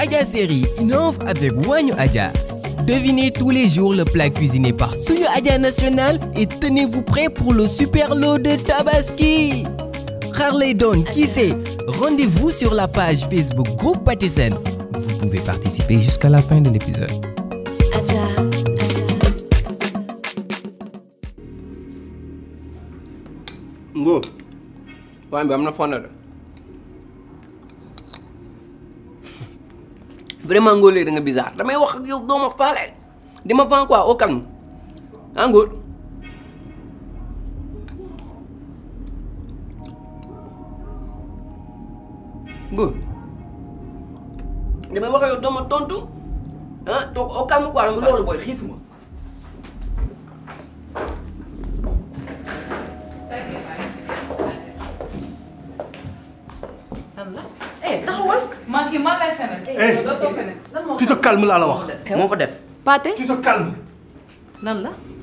Aja Série innove avec Wanyu Aja. Devinez tous les jours le plat cuisiné par Suyo Aja National et tenez-vous prêt pour le super lot de Tabaski. Harley Don, qui sait Rendez-vous sur la page Facebook Groupe Patizen. Vous pouvez participer jusqu'à la fin de l'épisode. vraiment Ngor léegi da nga bizarre damay wax ak yow faale di ma vent quoi au calme ah Ngor damay wax ak yow doo ma tontu ah toog au loolu booy xiifu ma. Eh, taxawal man kii man lay feneen. Eh. dootoo feneen. lan moo ko def tu te calmes laa la wax. moo ko def. Pathé tu te calmes. lan la.